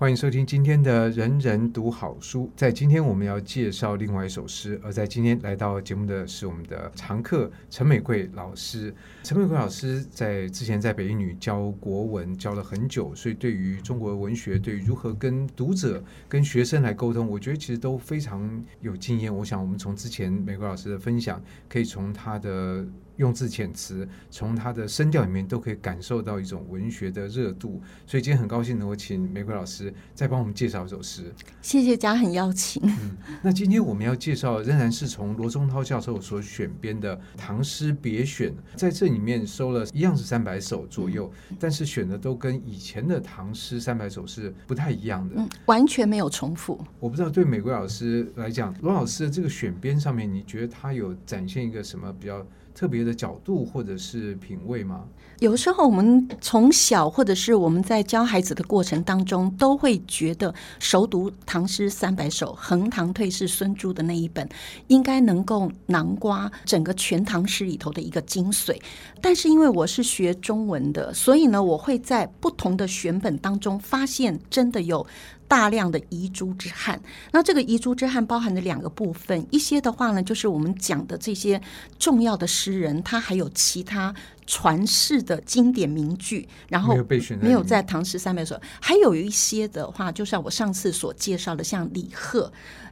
歡迎收聽今天的《人人讀好書》。在今天，我們要介紹另外一首詩。而在今天來到節目的是我們的常客陳美桂老師。陳美桂老師在之前在北一女教國文教了很久，所以對於中國文學，對於如何跟讀者、跟學生來溝通，我覺得其實都非常有經驗。我想，我們從之前美桂老師的分享，可以從他的。用字遣詞，從他的聲調裡面都可以感受到一種文學的熱度。所以今天很高興的，我請美桂老師，再幫我們介紹一首詩。謝謝嘉衡邀請。嗯，那今天我們要介紹的仍然是從羅宗濤教授所選編的《唐詩別選》，在這裡面收了一樣是三百首左右，但是選的都跟以前的《唐詩三百首》是不太一樣的。嗯，完全沒有重複。我不知道對美桂老師來講，羅老師的這個選編上面，你覺得他有展現一個什麼比較特別的角度或者是品味嗎？有時候我們從小，或者是我們在教孩子的過程當中，都會覺得熟讀《唐詩三百首》《橫塘退士孫洙》的那一本，應該能夠囊括整個《全唐詩》裡頭的一個精髓。但是因為我是學中文的，所以呢，我會在不同的選本當中發現，真的有。大量的遺珠之憾，那這個遺珠之憾包含的兩個部分，一些的話呢，就是我們講的這些重要的詩人，他還有其他傳世的經典名句，然後沒有被選，沒有在唐詩三百首，還有一些的話，就像我上次所介紹的，像李賀。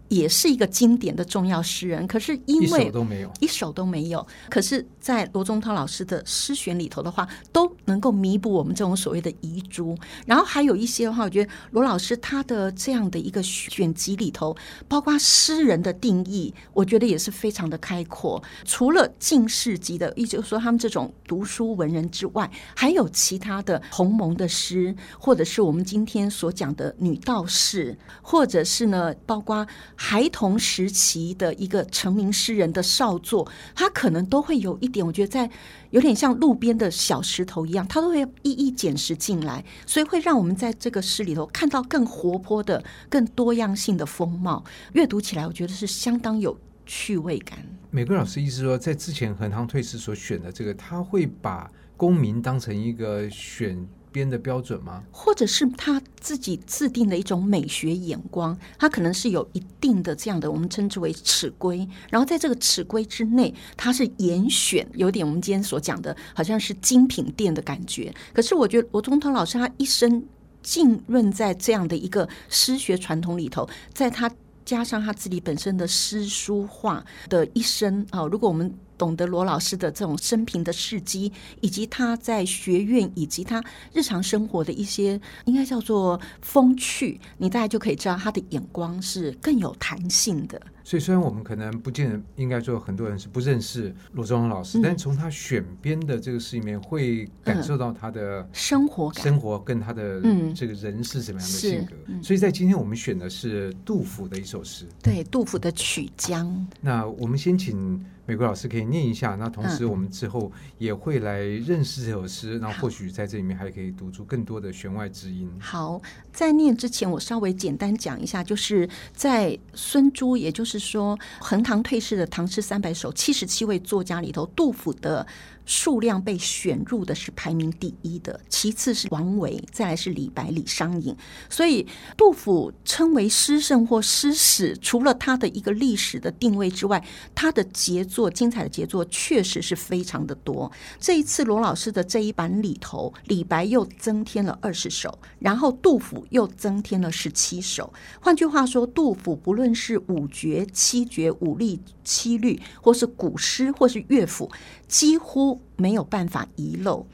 也是一個經典的重要詩人，可是因為一首都沒有，一首都沒有。可是，在羅宗濤老師的詩選裡頭的話，都能夠彌補我們這種所謂的遺珠。然後還有一些的話，我覺得羅老師他的這樣的一個選集裡頭，包括詩人的定義，我覺得也是非常的開闊。除了進士級的，也就是說他們這種讀書文人之外，還有其他的鴻蒙的詩，或者是我們今天所講的女道士，或者是呢，包括，孩童時期的一個成名詩人的少作，他可能都會有一點，我覺得在有點像路邊的小石頭一樣，他都會一一撿拾進來，所以會讓我們在這個詩裡頭看到更活潑的、更多樣性的風貌。閱讀起來，我覺得是相當有趣味感。美桂老師意思說，在之前蘅塘退士所選的這個，他會把公民當成一個選編的標準嗎？或者是他自己制定的一種美學眼光，他可能是有一定的這樣的，我們稱之為尺規。然後在這個尺規之內，他是嚴選，有點我們今天所講的好像是精品店的感覺。可是我覺得，羅宗濤老師他一生浸潤在這樣的一個詩學傳統裡頭，在他加上他自己本身的詩書畫的一生啊、哦，如果我們。懂得羅老師的這種生平的事蹟，以及他在學院以及他日常生活的一些，應該叫做風趣，你大概就可以知道他的眼光是更有彈性的。所以，雖然我們可能不見得，應該說很多人是不認識羅宗濤老師，嗯、但從他選編的這個詩裡面，會感受到他的生活、生活跟他的嗯，這個人是什麼樣的性格。嗯嗯、所以在今天我們選的是杜甫的一首詩，對，杜甫的曲江。嗯、那我們先請美桂老師可以念一下，那同時我們之後也會來認識這首詩，那、嗯、或許在這裡面還可以讀出更多的弦外之音。好，在念之前我稍微簡單講一下，就是在孫洙也就是說蘅塘退士的《唐詩三百首》七十七位作家裡頭，杜甫的。數量被選入的是排名第一的，其次是王維，再來是李白、李商隱。所以杜甫稱為詩聖或詩史，除了他的一個歷史的定位之外，他的傑作、精彩的傑作確實是非常的多。這一次羅老師的這一版裡頭，李白又增添了二十首，然後杜甫又增添了十七首。換句話說，杜甫不論是五絕、七絕、五律。七律，或是古詩，或是樂府，幾乎沒有辦法遺漏。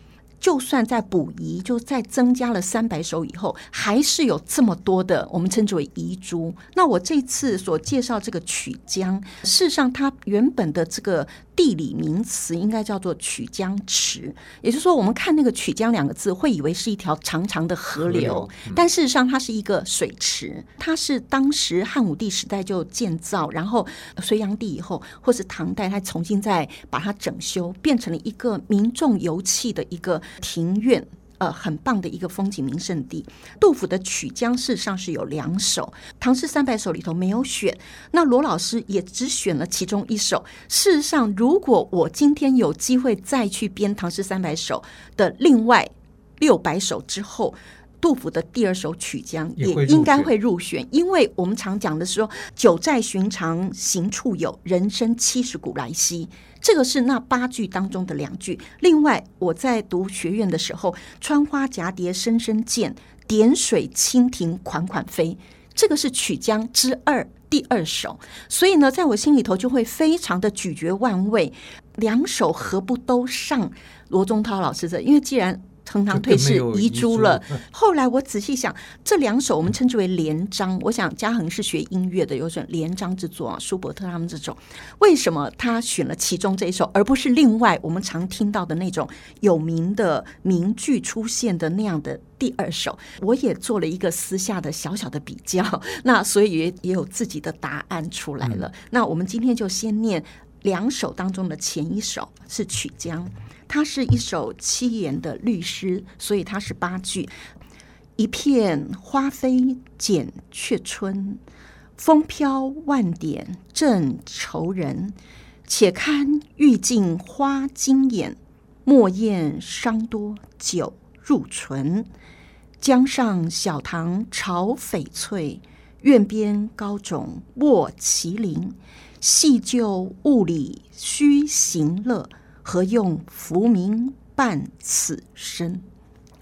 就算再補遺，就再增加了三百首以後，還是有這麼多的我們稱之為遺珠。那我這次所介紹這個曲江，事實上它原本的這個地理名詞應該叫做曲江池。也就是說，我們看那個曲江兩個字，會以為是一條長長的河流，河流嗯，但事實上它是一個水池。它是當時漢武帝時代就建造，然後隋煬帝以後，或是唐代，它重新再把它整修，變成了一個民眾遊憩的一個。庭院，呃，很棒的一個風景名勝地。杜甫的《曲江》事實上是有兩首，《唐詩三百首》裡頭沒有選，那羅老師也只選了其中一首。事實上，如果我今天有機會再去編《唐詩三百首》的另外六百首之後，杜甫的第二首《曲江》也應該會入選，入選因為我們常講的是說“酒債尋常行處有，人生七十古來稀”。這個是那八句當中的兩句。另外，我在讀學院的時候，“穿花蛺蝶深深見，點水蜻蜓款款飛”，這個是曲江之二第二首。所以呢，在我心裡頭就會非常的咀嚼萬味。兩首何不都上羅宗濤老師這？因為既然。橫塘退市遺珠了。珠後來我仔細想，嗯、這兩首我們稱之為聯章，嗯、我想嘉恆是學音樂的，有種聯章之作啊，舒伯特他們這種，為什麼他選了其中這一首，而不是另外我們常聽到的那種有名的名句出現的那樣的第二首？我也做了一個私下的小小的比較，那所以也也有自己的答案出來了。嗯、那我們今天就先念兩首當中的前一首，是曲江。它是一首七言的律詩，所以它是八句。一片花飛減卻春，風飄萬點正愁人。且看欲盡花經眼，莫厭傷多酒入脣，江上小堂巢翡翠，苑邊高冢臥麒麟。細推物理須行樂。何用浮榮絆此身？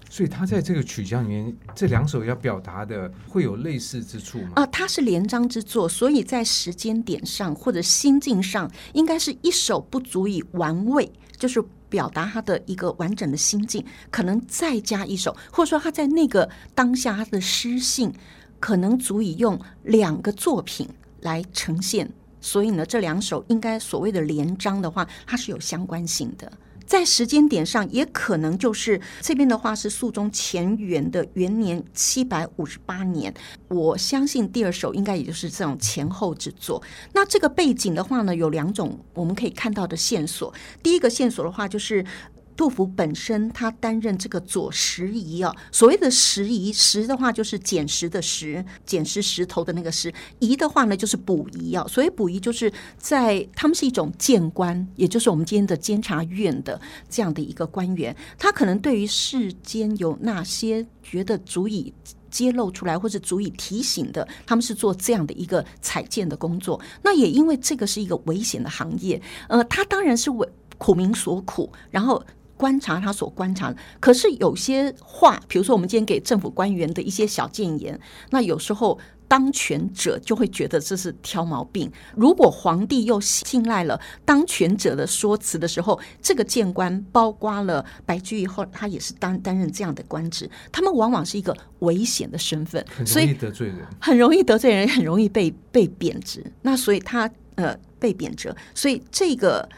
所以，他在這個曲江裡面這兩首要表達的會有類似之處嗎？啊，他是連章之作，所以在時間點上或者心境上，應該是一首不足以玩味，就是表達他的一個完整的心境，可能再加一首，或者說他在那個當下他的詩性，可能足以用兩個作品來呈現。所以呢，這兩首應該所謂的連章的話，它是有相關性的，在時間點上也可能就是這邊的話是肅宗乾元的元年七百五十八年，我相信第二首應該也就是這種前後之作。那這個背景的話呢，有兩種我們可以看到的線索。第一個線索的話就是。杜甫本身，他擔任這個左拾遺啊。所謂的拾遺，拾的話就是撿拾的拾，撿拾石，石頭的那個拾，遺的話呢，就是補遺啊。所以補遺就是在他們是一種諫官，也就是我們今天的監察院的這樣的一個官員。他可能對於世間有哪些覺得足以揭露出來，或者足以提醒的，他們是做這樣的一個採諫的工作。那也因為這個是一個危險的行業，呃，他當然是為苦民所苦，然後。觀察他所觀察，可是有些話，比如說我們今天給政府官員的一些小建言，那有時候當權者就會覺得這是挑毛病。如果皇帝又信賴了當權者的說辭的時候，這個諫官包括了白居易後，他也是擔擔任這樣的官職，他們往往是一個危險的身份，所以得罪人，很容易得罪人，很容易被被貶職。那所以他呃，被貶謫，所以這個。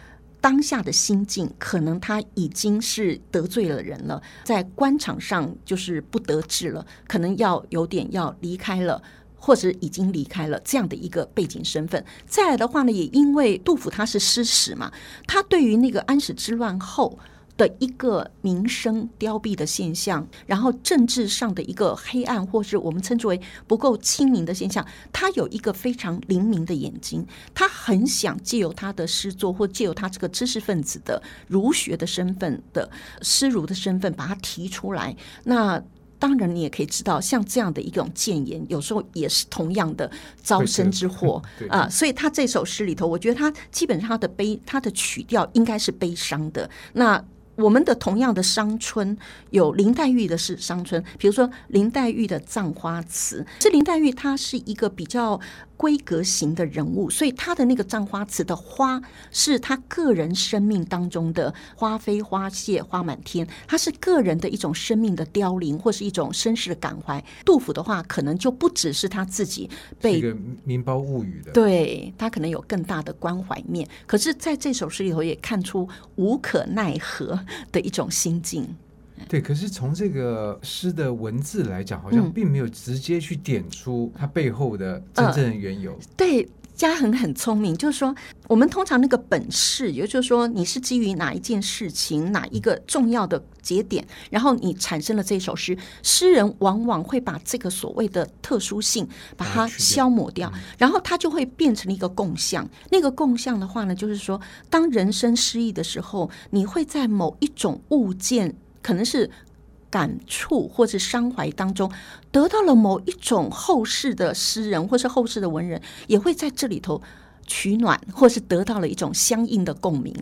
當下的心境，可能他已經是得罪了人了，在官場上就是不得志了，可能要有點要離開了，或者已經離開了這樣的一個背景身份。再來的話呢，也因為杜甫他是詩史嘛，他對於那個安史之亂後。的一個民生凋敝的現象，然後政治上的一個黑暗，或是我們稱之為不夠清明的現象，他有一個非常靈敏的眼睛，他很想借由他的詩作，或借由他這個知識分子的儒學的身份的師儒的身份，把它提出來。那當然，你也可以知道，像這樣的一種諫言，有時候也是同樣的招生之禍對啊。所以他這首詩裡頭，我覺得他基本上他的悲，他的曲調應該是悲傷的。那我們的同樣的傷春，有林黛玉的是傷春，比如說林黛玉的《葬花詞》，這林黛玉她是一個比較，閨閣型的人物，所以他的那個《葬花詞》的花是他個人生命當中的花飛花謝花滿天，他是個人的一種生命的凋零，或是一種身世的感懷。杜甫的話，可能就不只是他自己被這個民胞物與的，對他可能有更大的關懷面。可是，在這首詩裡頭，也看出無可奈何的一種心境。對，可是從這個詩的文字來講，好像並沒有直接去點出它背後的真正的緣由。嗯呃、對，嘉恆很聰明，就是說，我們通常那個本事，也就是說，你是基於哪一件事情，哪一個重要的節點，嗯、然後你產生了這首詩。詩人往往會把這個所謂的特殊性把它消磨掉，嗯、然後它就會變成了一個共相。那個共相的話呢，就是說，當人生失意的時候，你會在某一種物件。可能是感觸或是傷懷當中，得到了某一種後世的詩人或是後世的文人，也會在這裡頭取暖，或是得到了一種相應的共鳴。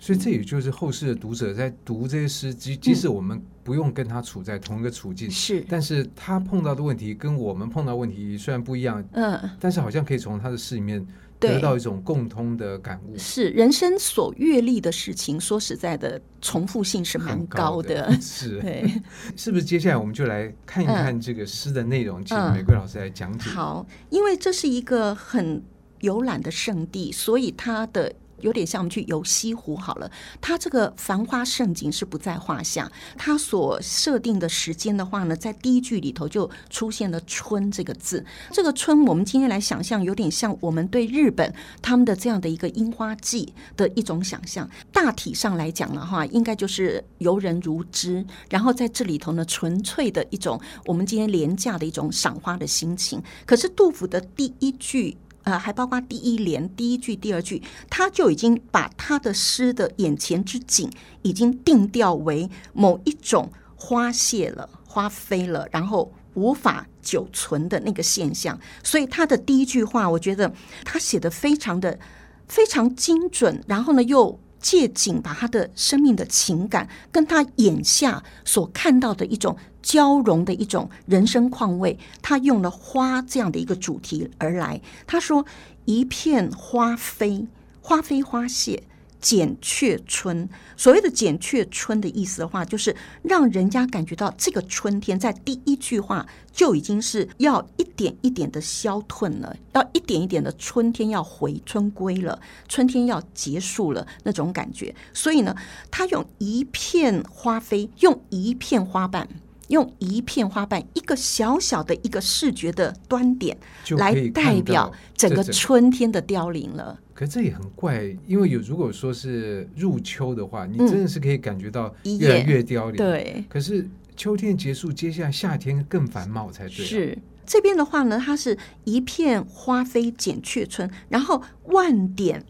所以這也就是後世的讀者在讀這些詩，即即使我們不用跟他處在同一個處境，嗯、是，但是他碰到的問題跟我們碰到的問題雖然不一樣，嗯，但是好像可以從他的詩裡面。對得到一種共通的感悟，是人生所閱歷的事情，說實在的，重複性是蠻高的。高的對是，對，是不是接下來我們就來看一看這個詩的內容，請美桂老師來講解、嗯。好，因為這是一個很遊覽的勝地，所以它的。有點像我們去遊西湖好了，它這個繁花盛景是不在話下。它所設定的時間的話呢，在第一句裡頭就出現了“春”這個字。這個“春”，我們今天來想象，有點像我們對日本他們的這樣的一個櫻花季的一種想象。大體上來講的話，應該就是遊人如織，然後在這裡頭呢，純粹的一種我們今天廉價的一種賞花的心情。可是杜甫的第一句。呃，還包括第一聯第一句、第二句，他就已經把他的詩的眼前之景已經定調為某一種花謝了、花飛了，然後無法久存的那個現象。所以他的第一句話，我覺得他寫得非常的非常精準，然後呢又。借景把他的生命的情感跟他眼下所看到的一種交融的一種人生況味，他用了花這樣的一個主題而來。他說：“一片花飛，花飛花謝。”減卻春，所謂的減卻春的意思的話，就是讓人家感覺到這個春天在第一句話就已經是要一點一點的消退了，要一點一點的春天要回春歸了，春天要結束了那種感覺。所以呢，他用一片花飛，用一片花瓣，用一片花瓣，一個小小的一個視覺的端點，來代表整個春天的凋零了。可這也很怪，因為有如果說是入秋的話，你真的是可以感覺到越來越凋零。對、嗯，可是秋天結束，接下來夏天更繁茂才對、啊。是這邊的話呢，它是一片花飛減卻春，然後萬點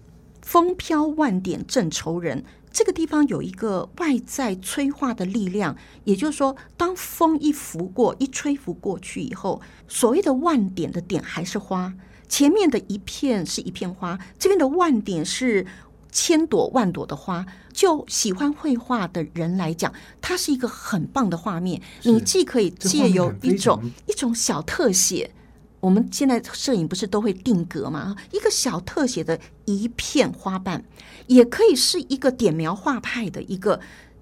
風飄萬點正愁人。這個地方有一個外在催化的力量，也就是說，當風一拂過、一吹拂過去以後，所謂的萬點的點還是花。前面的一片是一片花，這邊的萬點是千朵萬朵的花。就喜歡繪畫的人來講，它是一個很棒的畫面。你既可以借由一種一種小特寫，我們現在攝影不是都會定格嘛？一個小特寫的一片花瓣，也可以是一個點描畫派的一個。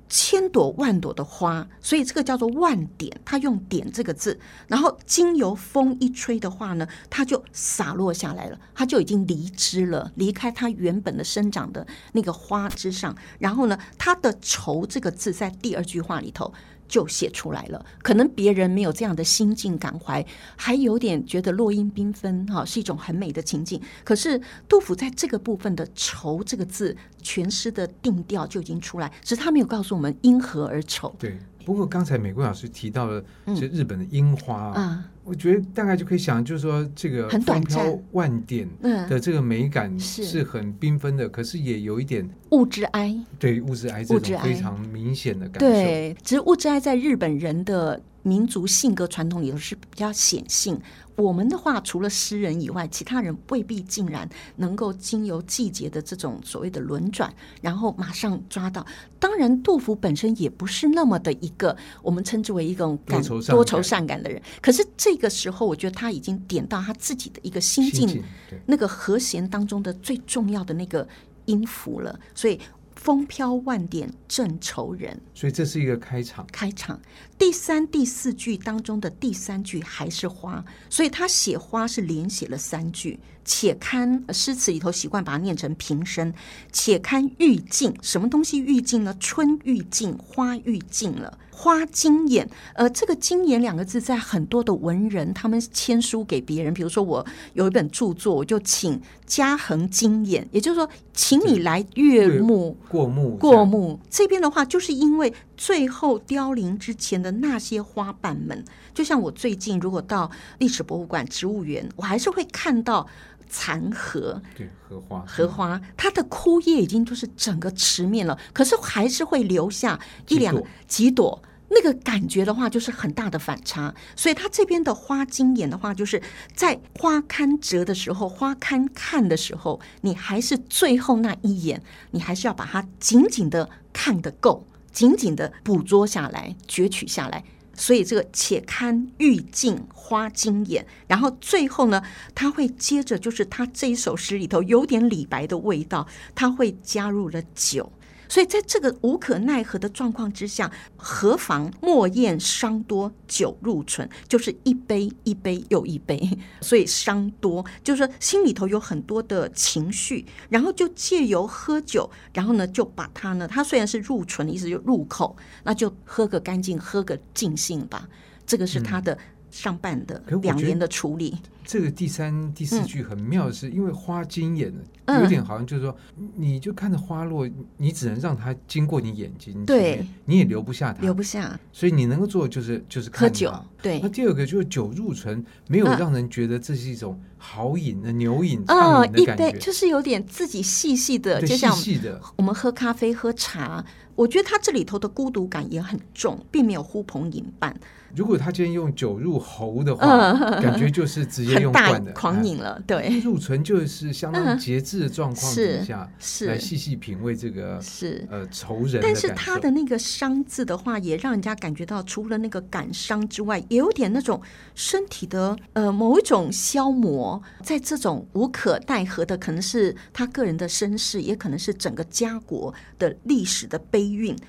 千朵萬朵的花，所以這個叫做萬點，它用點這個字。然後經由風一吹的話呢，它就灑落下來了，它就已經離枝了，離開它原本的生長的那個花枝上。然後呢，它的愁這個字在第二句話裡頭。就寫出來了，可能別人沒有這樣的心境感懷，還有點覺得落英繽紛哈，哦，是一種很美的情景。可是杜甫在這個部分的“愁”這個字，全詩的定調就已經出來，只是他沒有告訴我們因何而愁。對。不過剛才美桂老師提到了，是日本的櫻花啊、嗯，嗯、我覺得大概就可以想，就是說這個風飄萬點的這個美感是很繽紛的，嗯、可是也有一點物之哀，對，物之哀這種非常明顯的感覺。對，其實物之哀在日本人的。民族性格傳統裡頭是比較顯性。我們的話，除了詩人以外，其他人未必竟然能夠經由季節的這種所謂的輪轉，然後馬上抓到。當然，杜甫本身也不是那麼的一個我們稱之為一種感多愁善感的人。可是這個時候，我覺得他已經點到他自己的一個心境那個和弦當中的最重要的那個音符了。所以，風飄萬點正愁人。所以，這是一個開場。開場。第三、第四句當中的第三句還是花，所以他寫花是連寫了三句。且看，詩詞裡頭習慣把它念成平聲。且看欲盡，什麼東西欲盡呢？春欲盡，花欲盡了。花經眼，呃，這個經眼兩個字，在很多的文人他們簽書給別人，比如說我有一本著作，我就請嘉恆經眼，也就是說，請你來悅目、月過目、過目。這邊的話，就是因為。最後凋零之前的那些花瓣們，就像我最近如果到歷史博物館、植物園，我還是會看到殘荷。對，荷花，荷花，它的枯葉已經就是整個池面了，可是還是會留下一兩幾朵，幾朵。那個感覺的話，就是很大的反差。所以，它這邊的花經眼的話，就是在花堪折的時候，花堪看的時候，你還是最後那一眼，你還是要把它緊緊的看個夠。緊緊地捕捉下來，攫取下來，所以這個“且看欲盡花經眼”，然後最後呢，他會接着就是他這一首詩裡頭有點李白的味道，他會加入了酒。所以在這個無可奈何的狀況之下，何妨莫厭傷多酒入脣，就是一杯一杯又一杯。所以傷多就是說心裡頭有很多的情緒，然後就借由喝酒，然後呢就把它呢，它雖然是入脣，意思就是入口，那就喝個乾淨，喝個盡興吧。這個是它的。上半的，兩年的處理。這個第三、第四句很妙，是因為花經眼，有點好像就是說，你就看着花落，你只能讓它經過你眼睛，對、嗯，你也留不下它，留不下。所以你能夠做的就是就是看有沒有喝酒，對。那第二個就是酒入唇，沒有讓人覺得這是一種豪飲的牛飲，飲的感覺嗯，一對就是有點自己細細的，細細的就像我們喝咖啡、喝茶。我覺得他這裡頭的孤獨感也很重，並沒有呼朋引伴。如果他今天用酒入喉的話，uh huh. 感覺就是直接用大，狂飲了。對，入唇就是相當於節制的狀況底下，uh huh. 來細細品味這個是、uh huh. 呃愁人。但是他的那個傷字的話，也讓人家感覺到，除了那個感傷之外，也有點那種身體的呃某一種消磨。在這種無可奈何的，可能是他個人的身世，也可能是整個家國的歷史的悲。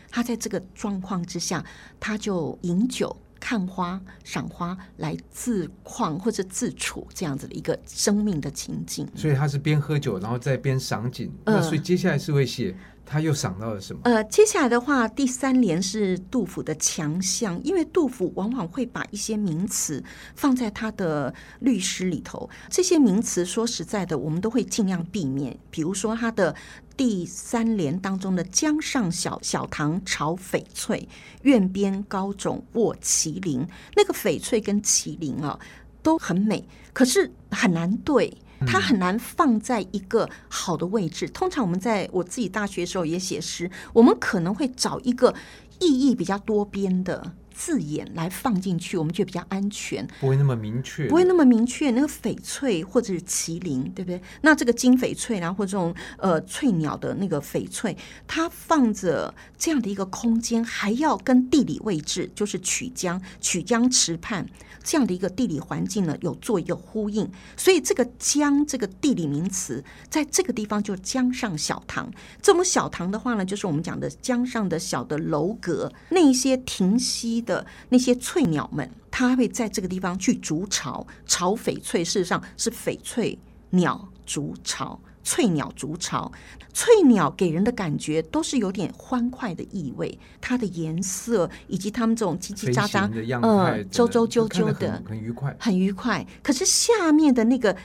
他在這個狀況之下，他就飲酒、看花、賞花，來自況或者自處這樣子的一個生命的情景。所以他是邊喝酒，然後再邊賞景。呃、那所以接下來是會寫。他又想到了什麼？呃，接下來的話，第三聯是杜甫的強項，因為杜甫往往會把一些名詞放在他的律詩裡頭。這些名詞說實在的，我們都會盡量避免。比如說他的第三聯當中的“江上小，小堂巢翡翠，苑邊高冢臥麒麟”，那個翡翠跟麒麟啊，都很美，可是很難對。它很難放在一個好的位置。通常我們在我自己大學的時候也寫詩，我們可能會找一個意義比較多邊的字眼來放進去，我們覺得比較安全，不會那麼明確，不會那麼明確。那個翡翠或者是麒麟，對不對？那這個金翡翠，然後或者這種呃翠鳥的那個翡翠，它放着這樣的一個空間，還要跟地理位置，就是曲江、曲江池畔，這樣的一個地理環境呢，有做一個呼應，所以這個江。當這個地理名詞，在這個地方就江上小堂。這種小堂的話呢，就是我們講的江上的小的樓閣。那一些停息的那些翠鳥們，它會在這個地方去築巢，巢翡翠事實上是翡翠鳥築巢，翠鳥築巢，翠鳥給人的感覺都是有點歡快的意味。它的顏色以及它們這種嘰嘰喳喳的，樣的，嗯，周周啾啾的，很愉快，很愉快。可是下面的那個。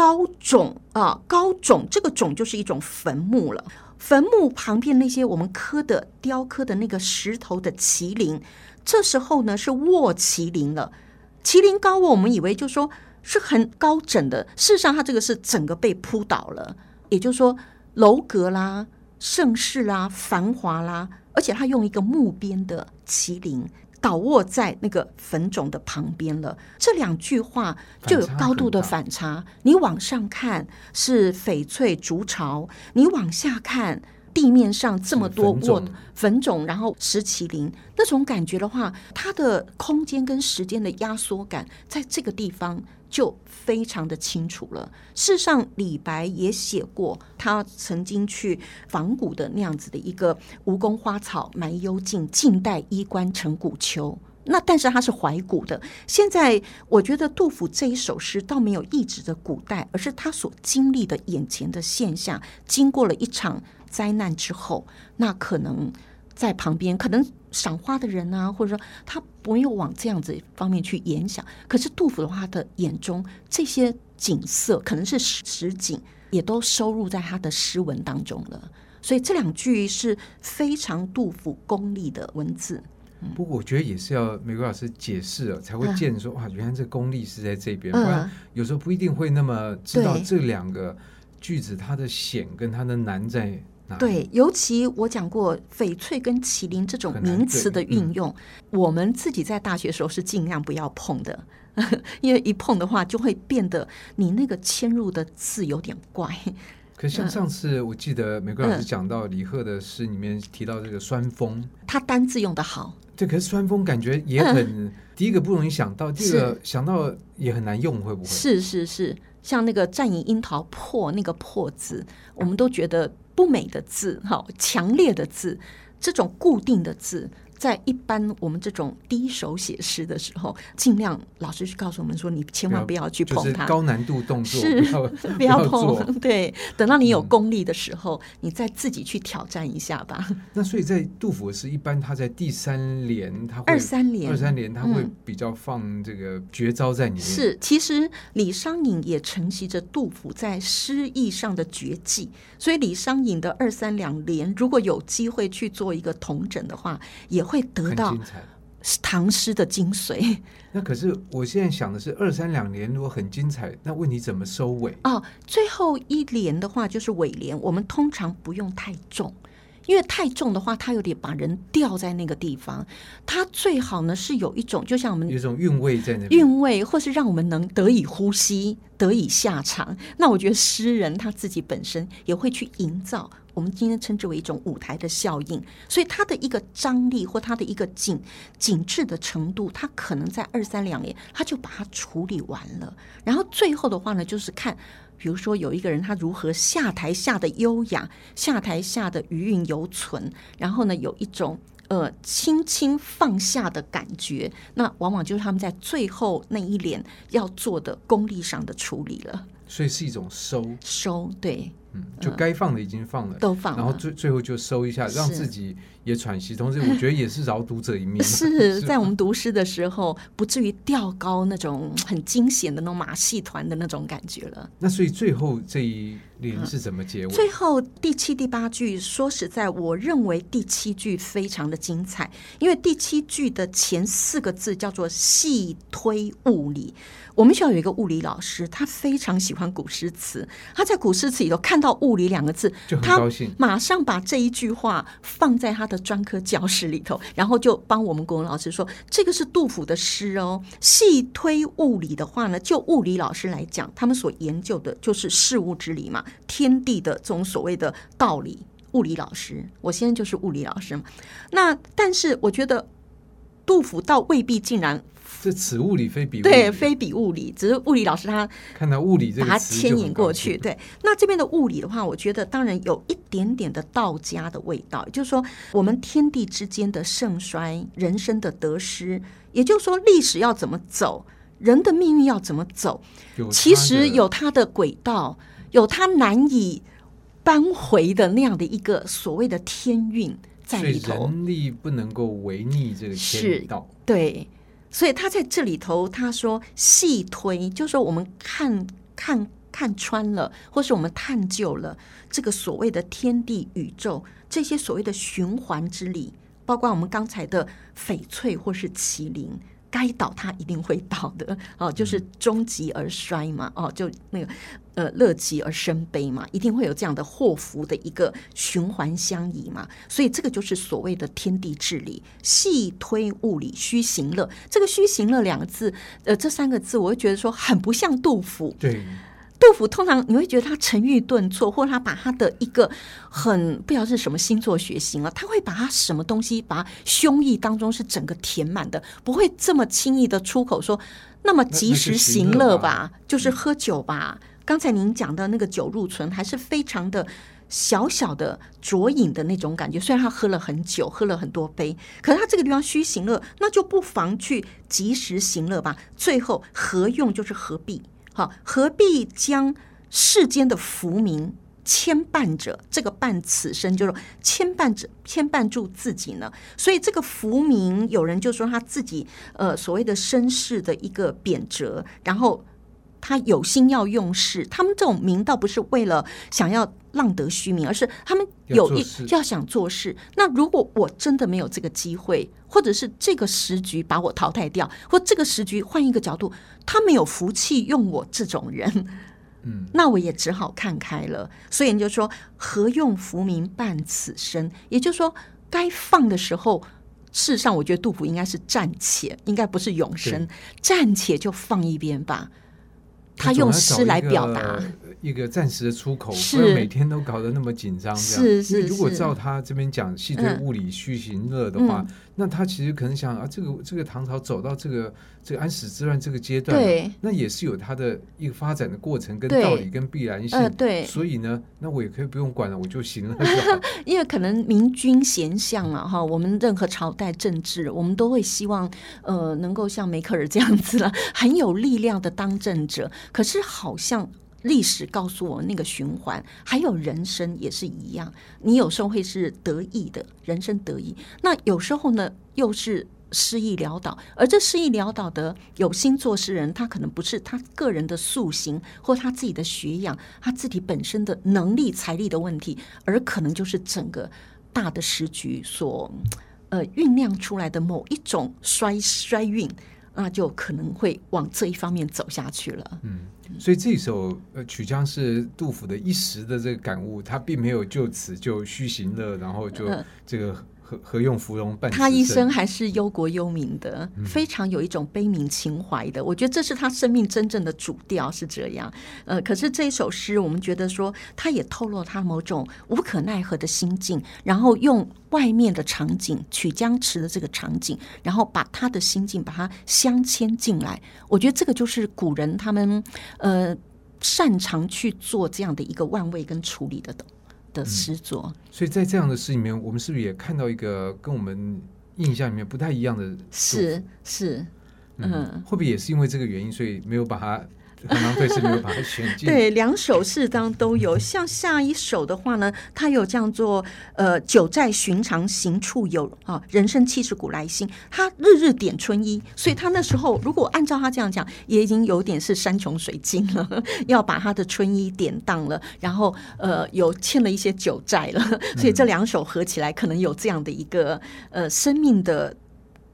高塚啊，高塚，這個塚就是一種墳墓了。墳墓旁邊那些我們刻的、雕刻的那個石頭的麒麟，這時候呢是臥麒麟了。麒麟高臥，我們以為就是說是很高枕的，事實上它這個是整個被撲倒了。也就是說，樓閣啦、盛世啦、繁華啦，而且它用一個木邊的麒麟。倒臥在那個墳冢的旁邊了，這兩句話就有高度的反差。反差，你往上看是翡翠築巢，你往下看地面上這麼多臥墳、墳冢，然後石麒麟，那種感覺的話，它的空間跟時間的壓縮感，在這個地方，就非常的清楚了。事實上李白也寫過，他曾經去仿古的那樣子的一個吳宮花草埋幽徑，晉代衣冠成古丘。那但是他是懷古的。現在我覺得杜甫這一首詩倒沒有一直的古代，而是他所經歷的眼前的現象，經過了一場災難之後，那可能在旁邊可能。賞花的人啊，或者說他不沒有往這樣子方面去聯想，可是杜甫的話，他的眼中，這些景色可能是實景，也都收入在他的詩文當中了。所以這兩句是非常杜甫功力的文字。嗯、不過我覺得也是要美桂老師解釋了才會見說哇、嗯，原來這功力是在這邊。嗯、不然有時候不一定會那麼知道這兩個句子對它的險跟它的難在。對，尤其我講過翡翠跟麒麟這種名詞的運用，嗯、我們自己在大學時候是盡量不要碰的，呵呵，因為一碰的話就會變得你那個嵌入的字有點怪。可像上次我記得美桂老師講到李賀的詩裡面提到這個“酸風”，他、嗯、單字用的好。對，可是“酸風”感覺也很、嗯、第一個不容易想到、這個，第二個想到也很難用，會不會？是是是，像那個“戰影櫻桃破”那個“破”字，嗯、我們都覺得。優美的字，哈，強烈的字，這種固定的字。在一般我們這種低手寫詩的時候，儘量老師去告訴我們說，你千萬不要去碰它，是高難度動作是不要碰。 要捧 對，等到你有功力的時候，嗯、你再自己去挑戰一下吧。那所以在杜甫是詩，一般他在第三聯，二三聯，二三聯他會比較放這個絕招在裡面、嗯、是，其實李商隱也承襲着杜甫在詩意上的絕技，所以李商隱的二三兩聯，如果有機會去做一個統整的話，也。會得到唐詩的精髓。精那可是我現在想的是，二三兩年如果很精彩，那問你怎麼收尾？哦，最後一聯的話就是尾聯，我們通常不用太重，因為太重的話，它有點把人吊在那個地方。它最好呢是有一種，就像我們有一種韻味在那裡，韻味或是讓我們能得以呼吸，得以下場。那我覺得詩人他自己本身也會去營造。我們今天稱之為一種舞台的效應，所以它的一個張力或它的一個緊緊緻的程度，它可能在二三兩年，它就把它處理完了。然後最後的話呢，就是看，比如說有一個人他如何下台下的優雅，下台下的餘韻猶存，然後呢有一種呃輕輕放下的感覺，那往往就是他們在最後那一年要做的功力上的處理了。所以是一種收收，對。嗯，就該放的已經放了，嗯、都放了，然後最最後就收一下，讓自己。也喘息，同時我覺得也是饒讀者一命。是在我們讀詩的時候，不至於吊高那種很驚險的那種馬戲團的那種感覺了。那所以最後這一聯是怎麼結尾、嗯？最後第七、第八句，說實在，我認為第七句非常的精彩，因為第七句的前四個字叫做“細推物理”。我們學校有一個物理老師，他非常喜歡古詩詞，他在古詩詞裡頭看到“物理”兩個字，就很高興，馬上把這一句話放在他。的專科教室裡頭，然後就幫我們國文老師說，這個是杜甫的詩哦。細推物理的話呢，就物理老師來講，他們所研究的就是事物之理嘛，天地的這種所謂的道理。物理老師，我現在就是物理老師嘛。那但是我覺得。杜甫倒未必，竟然這此物理非彼對，非彼物理，只是物理老師他看到物理，把它牽引過去。對，那這邊的物理的話，我覺得當然有一點點的道家的味道，也就是說，我們天地之間的盛衰，人生的得失，也就是說，歷史要怎麼走，人的命運要怎麼走，其實有它的軌道，有它難以扳回的那樣的一個所謂的天運。在所以人力不能夠違逆這個天道是，對，所以他在這裡頭他說細推，就是說我們看看看穿了，或是我們探究了這個所謂的天地宇宙這些所謂的循環之理，包括我們剛才的翡翠或是麒麟。該倒，他一定會倒的哦，就是“終極而衰”嘛，哦，就那個呃，“樂極而生悲”嘛，一定會有這樣的禍福的一個循環相依嘛，所以這個就是所謂的天地至理。細推物理須行樂，這個“須行樂”兩個字，呃，這三個字，我會覺得說很不像杜甫。對。杜甫通常你會覺得他沉鬱頓挫，或者他把他的一個很不曉得是什麼星座血型了，他會把他什麼東西把胸臆當中是整個填滿的，不會這麼輕易的出口說那麼及時行樂吧，是吧，就是喝酒吧。剛、嗯、才您講的那個酒入唇還是非常的小小的酌飲的那種感覺，雖然他喝了很久，喝了很多杯，可是他這個地方須行樂，那就不妨去及時行樂吧。最後何用就是何必，何必將世間的浮名牽絆着？這個絆此身就是牽絆着、牽絆住自己呢？所以這個浮名，有人就說他自己呃所謂的身世的一個貶謫，然後。他有心要用事，他們這種名倒不是為了想要浪得虛名，而是他們有一要，要想做事。那如果我真的沒有這個機會，或者是這個時局把我淘汰掉，或這個時局換一個角度，他沒有福氣用我這種人，嗯，那我也只好看開了。所以你就說何用浮名絆此身，也就是說該放的時候，事實上我覺得杜甫應該是暫且，應該不是永生，對暫且就放一邊吧。他用詩來表達。一個暫時的出口，是不要每天都搞得那麼緊張這樣。是是是，因為如果照他這邊講，細推物理須行樂的話，嗯嗯、那他其實可能想：「啊，這個這個唐朝走到這個這個、安史之亂這個階段，對那也是有他的一個發展的過程跟道理跟必然性。對，呃、對所以呢，那我也可以不用管了，我就行了就。 因為可能明君賢相啊，哈，我們任何朝代政治，我們都會希望呃能夠像梅克爾這樣子了，很有力量的當政者。可是好像。歷史告訴我，那個循環還有人生也是一樣。你有時候會是得意的，人生得意；那有時候呢，又是失意潦倒。而這失意潦倒的有心做事人，他可能不是他個人的塑形或他自己的學養，他自己本身的能力、財力的問題，而可能就是整個大的時局所呃醞釀出來的某一種衰衰運，那就可能會往這一方面走下去了。嗯。所以這首《曲江》是杜甫的一時的這個感悟，他並沒有就此就虛行了，然後就這個。何用浮榮絆此身？他一生還是憂國憂民的，嗯、非常有一種悲憫情懷的。我覺得這是他生命真正的主調是這樣。呃，可是這一首詩，我們覺得說，他也透露他某種無可奈何的心境，然後用外面的場景，曲江池的這個場景，然後把他的心境把它鑲嵌進來。我覺得這個就是古人他們呃擅長去做這樣的一個萬位跟處理的，的。的執着、嗯，所以在這樣的詩裡面，我們是不是也看到一個跟我們印象裡面不太一樣的是？是是，嗯，嗯會不會也是因為這個原因，所以沒有把它？剛剛對，把 對，兩首適當都有，像下一首的話呢，他有這樣做呃，“酒債尋常行處有啊，人生七十古來稀，他日日典春衣”，所以他那時候如果按照他這樣講，也已經有點是山窮水盡了，要把他的春衣典當了，然後呃有欠了一些酒債了，所以這兩首合起來可能有這樣的一個呃生命的。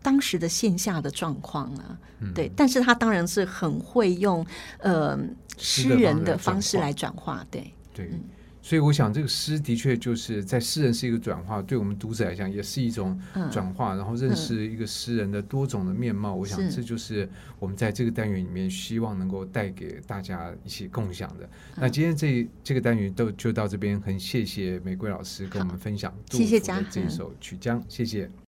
當時的線下的狀況了，嗯、對，但是他當然是很會用呃詩人的方式來轉化，對對，嗯、所以我想這個詩的確就是在詩人是一個轉化，對我們讀者來講也是一種轉化，嗯、然後認識一個詩人的多種的面貌。嗯嗯、我想這就是我們在這個單元裡面希望能夠帶給大家一起共享的。嗯、那今天這這個單元都就到這邊，很謝謝美桂老師跟我們分享杜甫的這一首曲江，謝謝。